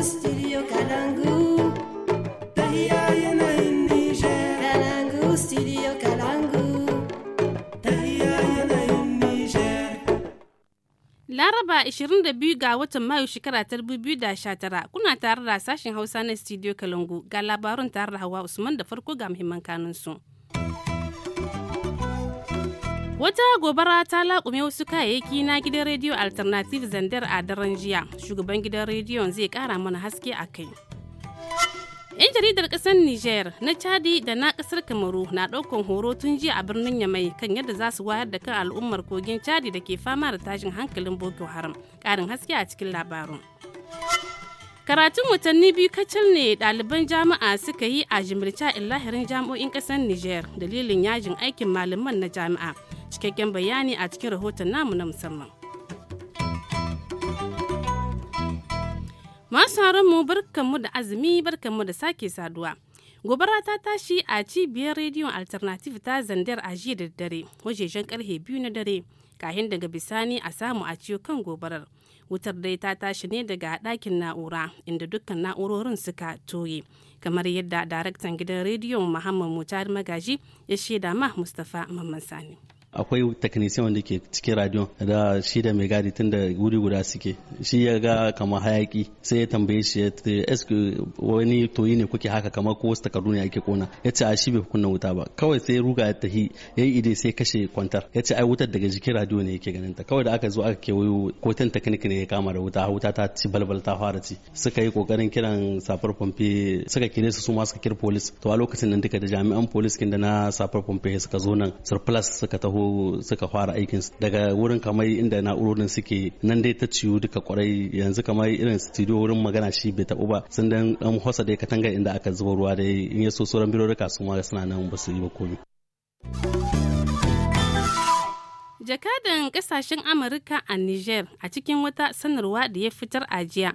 studio yanayin Laraba 22 ga watan Mayu shekara ta 2019 kuna tare da sashen Hausa na studio Kalangu ga labarun tare da Hawa Usman da farko ga muhimman kanunsu. su. Wata gobara ta laƙume wasu kayayyaki na gidan rediyo Alternative Zandar a daren jiya. Shugaban gidan rediyon zai kara mana haske a kai. 'Yan jaridar ƙasar Niger na Chadi da na ƙasar Kamaru na ɗaukan horo tun jiya a birnin Yamai kan yadda za su wayar da kan al'ummar kogin Chadi da ke fama da tashin hankalin Boko Haram. Ƙarin haske a cikin labarun. Karatun watanni biyu kacal ne ɗaliban jami'a suka yi a jimirca illahirin jami'o'in ƙasar Niger dalilin yajin aikin malaman na jami'a. cikakken bayani a cikin rahoton namu na musamman masu mu barkanmu da azumi barkanmu da sake saduwa gobara ta tashi a cibiyar rediyon alternative ta zandar a jiya da dare wajejen karfe biyu na dare kahin daga bisani a samu a ciyo kan gobarar wutar dai ta tashi ne daga ɗakin na'ura inda dukkan na'urorin suka toye kamar yadda daraktan gidan rediyon muhammad mutar magaji ya shaida ma mustapha mamman sani akwai technician wanda ke cikin radio da shi da mai gadi tun da wuri guda suke shi ya ga kamar hayaki sai ya tambaye shi ya wani toyi ne kuke haka kamar ko wasu takardu ne ake kona ya ce a shi bai kunna wuta ba kawai sai ruga ya tahi ya yi ide sai kashe kwantar ya ce ai wutar daga jikin radio ne yake ganin ta kawai da aka zo aka kewayo tan technique ne ya kama da wuta wuta ta ci balbal ta fara ci suka yi kokarin kiran safar pompe suka kire su su ma suka kira police to a lokacin nan duka da jami'an police kin da na safar pompe suka zo nan surplus suka taho abu suka fara aikin daga wurin kamar inda na'urorin suke nan dai ta ciwo duka kwarai yanzu kamar irin studio wurin magana shi bai tabu ba sun dan dan hosa dai katanga inda aka zuba ruwa dai in ya so sauran birorika su ma suna nan ba su yi ba komai jakadan kasashen amurka a niger a cikin wata sanarwa da ya fitar a jiya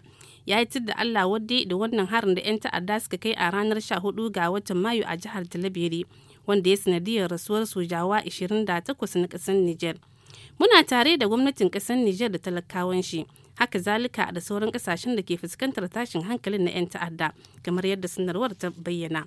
ya yi da Allah wadde da wannan harin da 'yan ta'adda suka kai a ranar 14 ga watan Mayu a jihar Talabere wanda ya sanadiyar rasuwar sojawa 28 na ƙasar Nijar. Muna tare da gwamnatin ƙasar Nijar da talakawan shi, haka zalika da sauran ƙasashen da ke fuskantar tashin hankalin na 'yan ta'adda, kamar yadda sanarwar ta bayyana.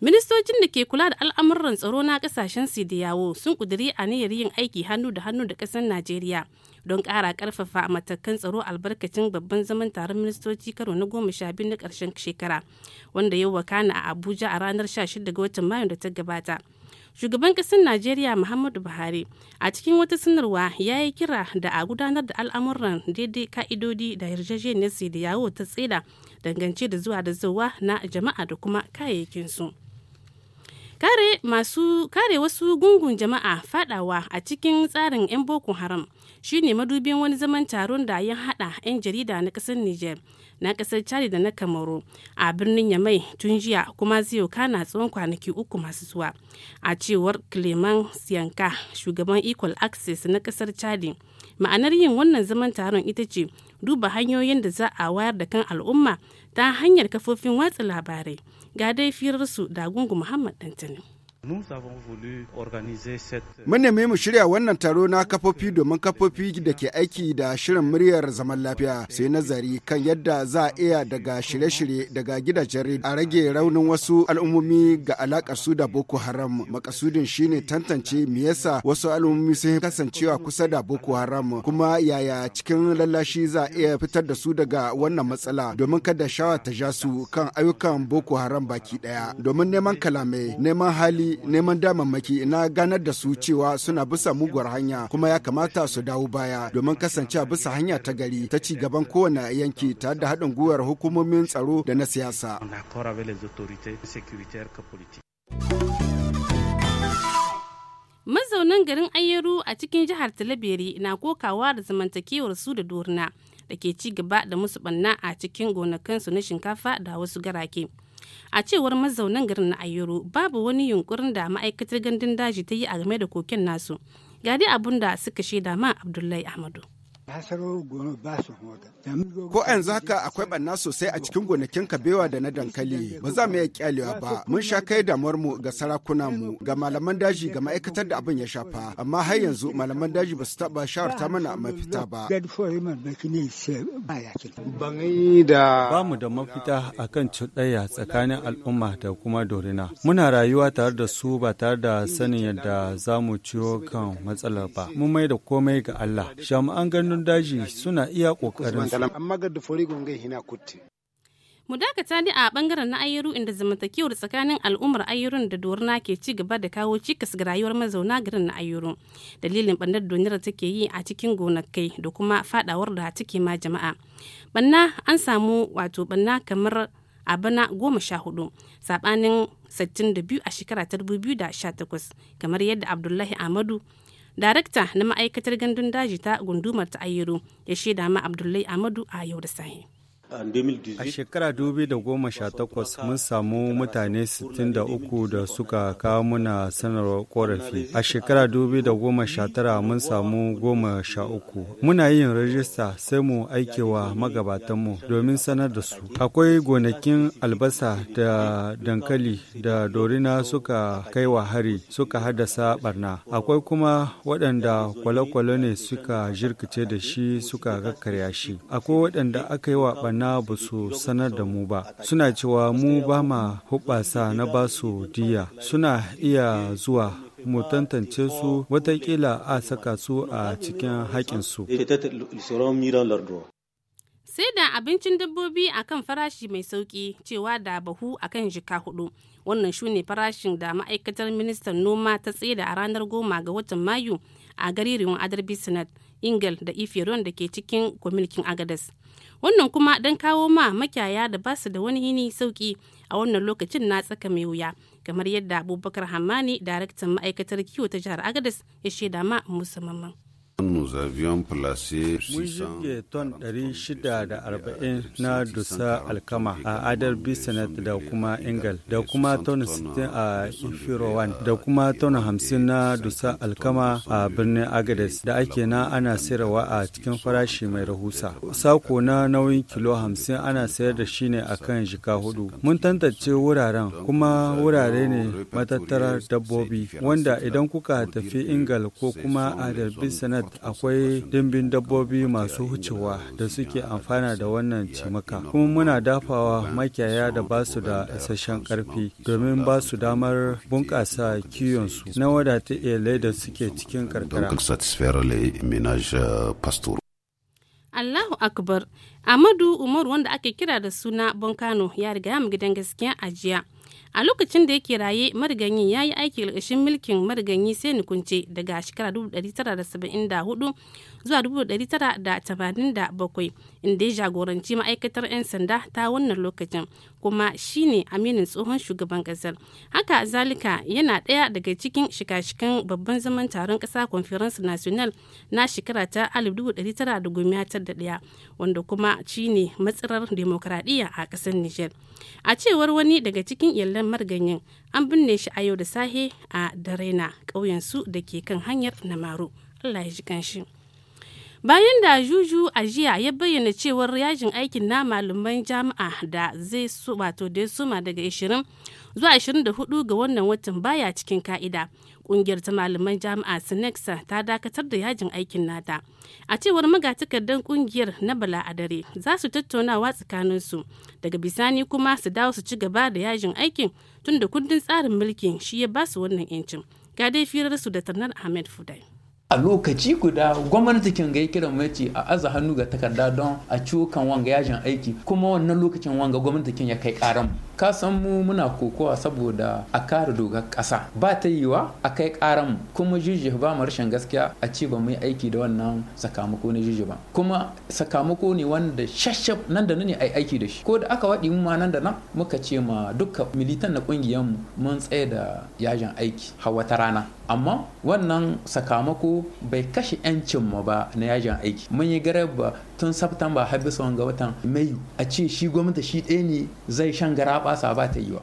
ministocin da ke kula da al'amuran tsaro na kasashen su da yawo sun kuduri aniyar yin aiki hannu da hannu da kasar najeriya don ƙara ƙarfafa matakan tsaro albarkacin babban zaman taron ministoci karo na goma sha biyu na ƙarshen shekara wanda ya wakana a abuja a ranar 16 ga watan mayu da ta gabata shugaban ƙasar najeriya muhammadu buhari a cikin wata sanarwa ya yi kira da a gudanar da al'amuran daidai ka'idodi da yarjejeniyar da yawo ta tsida dangance da zuwa da zuwa na jama'a da kuma kayayyakinsu kare kare wasu gungun jama'a fadawa a cikin tsarin 'yan boko haram shine madubin wani zaman taron da ya hada 'yan jarida na kasar niger na kasar chad da na kamaru a birnin yamai tun jiya kuma zai kana tsawon kwanaki uku masu zuwa a cewar kleman siyanka shugaban equal access na kasar chad ma'anar yin wannan zaman taron ita ce duba hanyoyin da za a wayar da kan al'umma ta hanyar kafofin watsa labarai ga dai firarsu da gungu muhammad dantani Mun nemi mu shirya wannan taro na kafofi domin kafofi da ke aiki da shirin muryar zaman lafiya sai nazari kan yadda za a iya daga shirye-shirye daga gidajen rediyo a rage raunin wasu al'ummomi ga alakar su da Boko Haram. Makasudin shine tantance me yasa wasu al'ummomi sun kasancewa kusa da Boko Haram kuma yaya cikin lallashi za a iya fitar da su daga wannan matsala domin kada shawa ta ja su kan ayyukan Boko Haram baki ɗaya domin neman kalamai neman hali neman damammaki na ganar da su cewa suna bisa muguwar hanya kuma ya kamata su dawo baya domin kasance a bisa hanya ta gari ta ci gaban kowane yanki tare da haɗin gwiwar hukumomin tsaro da na siyasa. mazaunan garin ayyaru a cikin jihar talabiri na kokawa da zamantakewar su da dorna da ke ci gaba da musu banna a cikin gonakansu na shinkafa da wasu garake a cewar mazaunan garin na ayyuru babu wani yunkurin da ma'aikatar gandun daji ta yi a game da koken nasu ga dai abun da suka shaida ma abdullahi ahmadu Ko yanzu haka akwai ɓanna sosai a cikin gonakin kabewa da na dankali ba za mu iya kyalewa ba mun sha kai damuwar mu ga sarakunan mu ga malaman daji ga ma'aikatar da abin ya shafa amma har yanzu malaman daji ba su taɓa shawarta mana mafita ba. Ba mu da mafita a kan cuɗaya tsakanin al'umma da kuma dorina. Muna rayuwa tare da su ba tare da sanin yadda za mu ciwo kan matsalar ba. Mun mai da komai ga Allah. Jami'an ganin namun daji suna iya ƙoƙarinsu. Mu dakata ne a bangaren na ayyaru inda zamantakewar tsakanin al'ummar ayyurun da dorna ke ci gaba da kawo cikas ga rayuwar mazauna garin na ayyuru. Dalilin bannar donira take yi a cikin gonakai da kuma fadawar da take ma jama'a. Banna an samu wato banna kamar a bana goma sha hudu sabanin 62 a shekara ta 2018 kamar yadda Abdullahi Ahmadu darakta na ma'aikatar gandun daji ta gundumar ta ayyaro ya shaida ma abdullahi amadu a yau da sahi A shekara 2018 mun samu mutane 63 da suka kawo muna sanarwar korafi. A shekara 2019 mun samu 13. Muna yin rajista sai mu aikewa magabatanmu domin sanar da su. Akwai gonakin albasa da dankali da dorina suka kai wa hari suka haddasa barna. Akwai kuma waɗanda kwale-kwale ne suka jirkice da shi suka kakkarya shi. Akwai waɗanda aka yi wa barna na ba su sanar da mu ba suna cewa mu ba ma hubasa na ba su diya suna iya zuwa mu tantance su watakila a saka su a cikin haƙinsu. Sai da abincin dabbobi a kan farashi mai sauƙi cewa da bahu a kan jika hudu. Wannan shi ne farashin da ma'aikatar ministan noma ta tseda a ranar goma ga watan Mayu a garirin Adarbi Senate. ingal da ifiron da ke cikin kwamilkin agadas wannan kuma don kawo ma makyaya da basu da wani hini sauki a wannan lokacin na tsaka mai wuya kamar yadda abubakar hamani daraktan ma'aikatar kiwo ta jihar agadas ya shaida ma musamman Mun shirge ton 640 na dusa alkama a adar bisanet da kuma engel da kuma ton 60 a ifirowan da kuma ton 50 na dusa alkama a birnin agades da ake na ana sayarwa a cikin farashi mai rahusa. Sako na nauyin kilo 50 ana sayar da shi ne a kan jika hudu. Mun tantance wuraren kuma wurare ne matattarar dabbobi wanda idan kuka tafi ingal ko kuma adar bisanet akwai dimbin dabbobi masu wucewa da suke amfana da wannan cimaka kuma muna dafawa makiyaya da ba su da isasshen karfi domin ba su damar bunƙasa kiyonsu na wadata iyalai da suke cikin karkara euh, Allahu Akbar ahmadu Umar wanda ake kira da suna Bonkano ya riga mu gidan gaskiya a jiya. a lokacin da yake raye mariganyi ya yi aiki ƙarƙashin mulkin mariganyi sai nukunce daga shekara 1974 zuwa 1987 inda ya jagoranci ma'aikatar 'yan sanda ta wannan lokacin kuma shine aminin tsohon shugaban kasar haka zalika yana ɗaya daga cikin shika-shikan babban zaman taron ƙasa conference national na shekara ta 1991 wanda kuma shine matsirar demokradiyya a ƙasar niger a cewar wani daga cikin yallan marganyin an binne shi a yau da sahe a darena ƙauyensu da ke kan hanyar namaru allah ya ji kanshi. bayan da juju a jiya ya bayyana cewar yajin aikin na malaman jami'a da zai wato da suma daga 20 zuwa 24 ga wannan watan baya cikin ka'ida kungiyar ta malaman jami'a sinexa ta dakatar da yajin aikin nata a cewar magatakardan kungiyar na bala a dare za su tattaunawa tsakaninsu daga bisani kuma su dawo su ci gaba da yajin aikin tunda da kundin tsarin mulkin shi ya ba su wannan 'yancin ga dai su da tarnar ahmed fudai a lokaci guda gwamnati kin ga kiran mu yace a aza hannu ga takarda don a ciwo kan wanga yajin aiki kuma wannan lokacin wanga gwamnati kin ya kai karan ka san mu muna kokowa saboda a kare dogar ƙasa ba ta yiwa a kai ƙaran mu. kuma jijji ba mu rashin gaskiya a ce ba mu yi aiki da wannan sakamako na jijji ba kuma sakamako ne wanda shashaf nan da nan ai aiki da shi ko da aka waɗi mu ma nan da nan muka ce ma dukka militan na ƙungiyar mu mun tsaye da yajin aiki hawa ta rana amma wannan sakamako bai kashe 'yancin mu ba na yajin aiki mun yi garaba tun saftamba har bisa wanga watan Mayu a ce shi gwamnati shi ɗaya ne zai shan sa ba ta yi wa.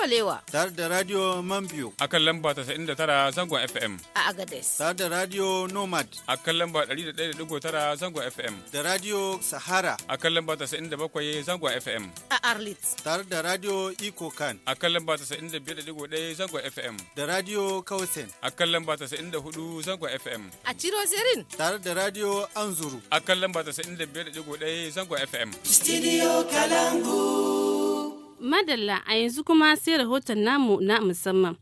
kwalewa. Tar da Radio Mambio. A kan lamba tara zangon FM. A Agades. Tar da Radio Nomad. A kan lamba tara zangon FM. Da Radio Sahara. A kan lamba bakwai zangon FM. A Arlit. Tar da Radio Iko Kan. A kan lamba ɗaya zangon FM. Da Radio Kausen. A kan lamba hudu zangon FM. A Ciro Zerin. Tar da Radio Anzuru. A kan lamba 95.1 zangon FM. Studio Kalangu. Madalla a yanzu kuma sai rahoton namu na musamman.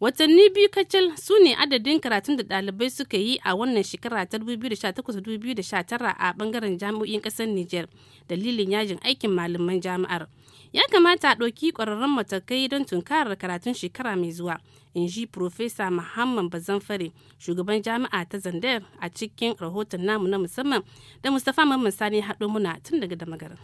Watanni biyu kacal su ne adadin karatun da ɗalibai suka yi a wannan shekara ta 2018-2019 a bangaren jami'o'in ƙasar Nijar dalilin yajin aikin malaman jami'ar. Ya kamata a ɗauki ƙwararren matakai don tunkarar karatun shekara mai zuwa, in ji Profesa Muhammad Bazanfare, shugaban jami'a ta Zandar a cikin rahoton namu na musamman da Mustapha Mamman Sani haɗo muna tun daga damagarin.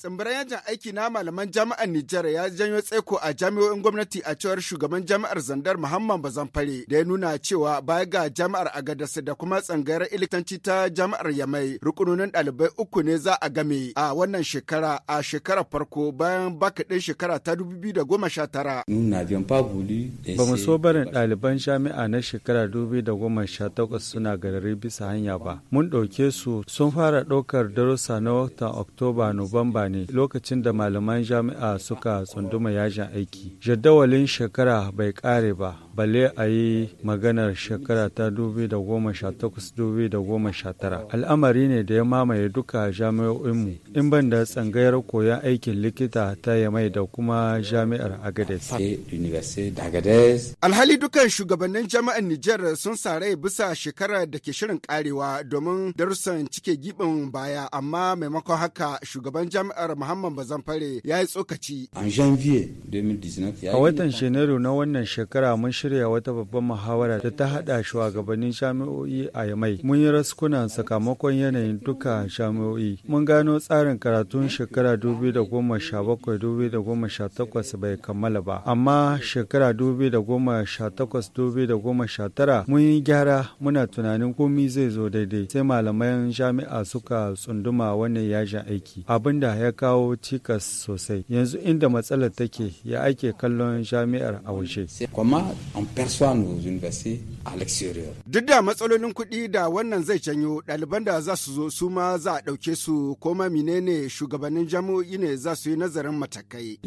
Tsimbirin yajin aiki na malaman jami'ar Nijar ya janyo tseko a jami'o'in gwamnati a cewar shugaban jami'ar Zandar Muhammad Bazamfare da ya nuna cewa baya ga jami'ar Agadas da kuma tsangayar iliktanci ta jami'ar Yamai rukunonin ɗalibai uku ne za a game a wannan shekara a shekarar farko bayan bakaɗin shekara ta 2019. Ba mu so barin ɗaliban jami'a na shekara 2018 suna garari bisa hanya ba. Mun ɗauke su sun fara ɗaukar darussa na watan Oktoba Nuwamba ne lokacin da malaman jami'a suka tsunduma yajin aiki. Jadawalin shekara bai kare ba, balle a yi maganar shekara ta 2018-2019 al'amari ne da ya mamaye duka jami'o'inmu in ban da tsangayar koyon aikin likita ta yamai da kuma jami'ar agades alhali dukan shugabannin jami'ar nijar sun sare bisa shekara da ke shirin karewa domin darussan cike gibin baya amma maimakon haka shugaban jami'ar muhammad bazamfare ya yi tsokaci a watan janairu na wannan shekara mun shirya shirya wata babban muhawara da ta haɗa shugabannin jami'o'i a Yamai. Mun yi raskunan sakamakon yanayin duka jami'o'i. Mun gano tsarin karatun shekara 2017-2018 bai kammala ba, amma shekara 2018-2019 mun yi gyara muna tunanin komi zai zo daidai sai malaman jami'a suka tsunduma wannan yajin aiki abin da ya kawo cikas sosai yanzu inda matsalar take ya ake kallon jami'ar a waje. an persuwa university a l'extérieur. Duk da matsalolin kuɗi da wannan zai canyo ɗaliban da za su zo su ma za a ɗauke su ko ma menene shugabannin jami'o'i ne za su yi nazarin matakai.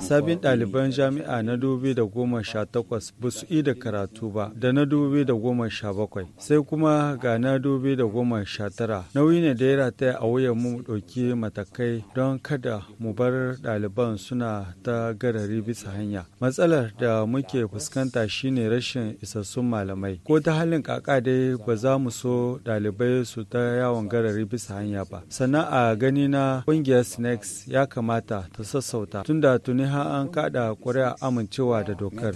Sabin ɗaliban jami'a na dubi da goma sha takwas ba su yi da karatu ba da na dubi da goma sha bakwai sai kuma ga na dubi da goma sha tara nauyi ne da ya rataya a wuyan mu ɗauki matakai don kada mu bar ɗaliban suna ta garari bisa hanya matsalar da da muke fuskanta shine rashin isassun malamai. Ko ta halin kaka dai ba za mu so dalibai su ta yawon garari bisa hanya ba. Sannan a gani na ƙungiyar Snacks ya kamata ta sassauta tunda tuni ha an kada ƙuri'a amincewa da dokar.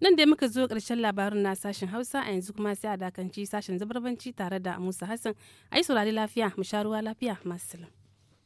Nan da muka zo ƙarshen labarin na sashen Hausa a yanzu kuma sai a dakanci sashen zabarbanci tare da Musa Hassan. yi saurari lafiya, mu sha ruwa lafiya, masu salam.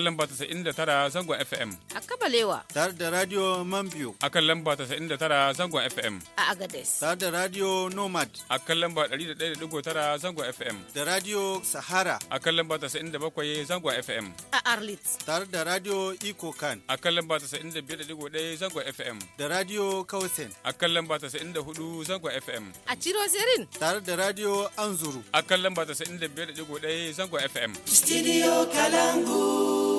akan lamba 99 zangon FM. A Kabalewa. Tare da Radio Mambio. Akan lamba 99 zangon FM. A Agades. Tare da Radio Nomad. Akan lamba 101.9 zangon FM. Da Radio Sahara. Akan lamba 97 zangon FM. A Arlit. Tare da Radio Iko Kan. Akan lamba 95.1 zangon FM. Da Radio Kausen. Akan lamba 94 zangon FM. A Ciro Zerin. Tare da Radio Anzuru. Akan lamba 95.1 zangon FM. Studio Kalangu.